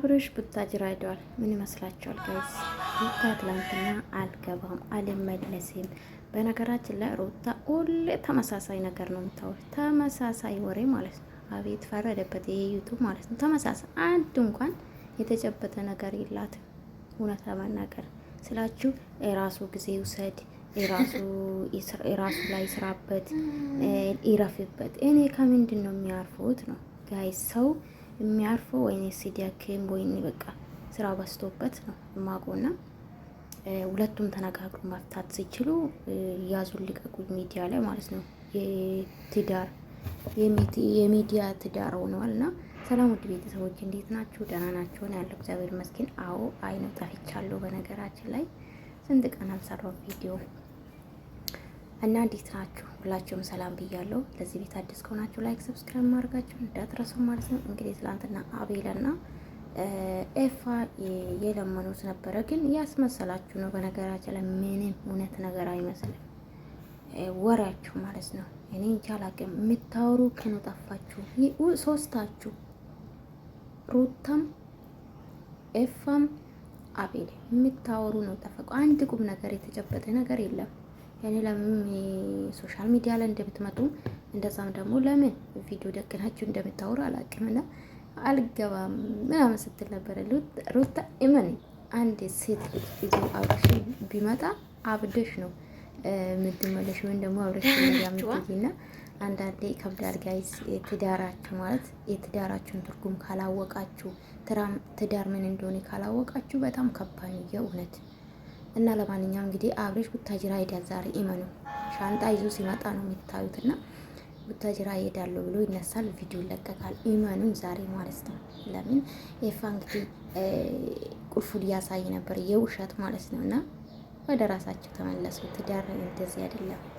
አብርሽ ቡታጅራ ሄደዋል። ምን ይመስላችኋል ጋይስ? ሩታ ትላንትና አልገባም አልመለስም። በነገራችን ላይ ሩታ ሁሌ ተመሳሳይ ነገር ነው የምታወል፣ ተመሳሳይ ወሬ ማለት ነው። አቤት ፈረደበት የዩቱብ ማለት ነው። ተመሳሳይ አንድ እንኳን የተጨበጠ ነገር የላትም። እውነት ለመናገር ስላችሁ የራሱ ጊዜ ውሰድ፣ የራሱ ላይ ስራበት፣ ይረፍበት። እኔ ከምንድን ነው የሚያርፉት ነው ጋይስ ሰው የሚያርፈው ወይኔ ሲዲያኬም ወይኔ በቃ ስራ በስቶበት ነው የማውቀውና ሁለቱም ተነጋግሮ መፍታት ሲችሉ ያዙን ሊቀቁ ሚዲያ ላይ ማለት ነው። የትዳር የሚዲያ ትዳር ሆነዋል እና ሰላም ውድ ቤተሰቦች እንዴት ናችሁ? ደህና ናችሁ? ያለው እግዚአብሔር ይመስገን። አዎ አይነው ጠፍቻለሁ። በነገራችን ላይ ስንት ቀን አልሰራው ቪዲዮ እና እንዴት ናችሁ? ሁላችሁም ሰላም ብያለሁ። ለዚህ ቤት አዲስ ከሆናችሁ ላይክ፣ ሰብስክራይብ ማድረጋችሁ እንዳትረሱ ማለት ነው። እንግዲህ ትላንትና አቤልና ኤፋ የለመኑት ነበረ፣ ግን ያስመሰላችሁ ነው። በነገራችን ላይ ምንም እውነት ነገር አይመስልም ወሬያችሁ ማለት ነው። እኔ እንጃ አላውቅም። የምታወሩ ከኑ ጠፋችሁ ሶስታችሁ፣ ሩታም ኤፋም አቤል የምታወሩ ነው ጠፋ። አንድ ቁም ነገር የተጨበጠ ነገር የለም። ያኔ ለምን ሶሻል ሚዲያ ላይ እንደምትመጡ እንደዛም ደግሞ ለምን ቪዲዮ ደቅናችሁ እንደምታወሩ አላውቅምና አልገባም ምናምን ስትል ነበረ ሩታ። እመን አንድ ሴት ልጅ ይዞ አብረሽ ቢመጣ አብደሽ ነው የምትመለሽ ወይም ደግሞ አብረሽ ያምትይና አንዳንዴ ከብዳል ጋይስ። የትዳራችሁ ማለት የትዳራችሁን ትርጉም ካላወቃችሁ ትዳር ምን እንደሆነ ካላወቃችሁ በጣም ከባድ ነው የእውነት። እና ለማንኛውም እንግዲህ አብሬሽ ቡታጅራ ሄዳል ዛሬ። ኢመኑ ሻንጣ ይዞ ሲመጣ ነው የሚታዩት። እና ቡታጅራ ሄዳለሁ ብሎ ይነሳል፣ ቪዲዮ ይለቀቃል። ኢመኑን ዛሬ ማለት ነው። ለምን ኤፋ እንግዲህ ቁልፉ እያሳይ ነበር፣ የውሸት ማለት ነው። እና ወደ ራሳቸው ተመለሱ። ትዳር እንደዚህ አይደለም።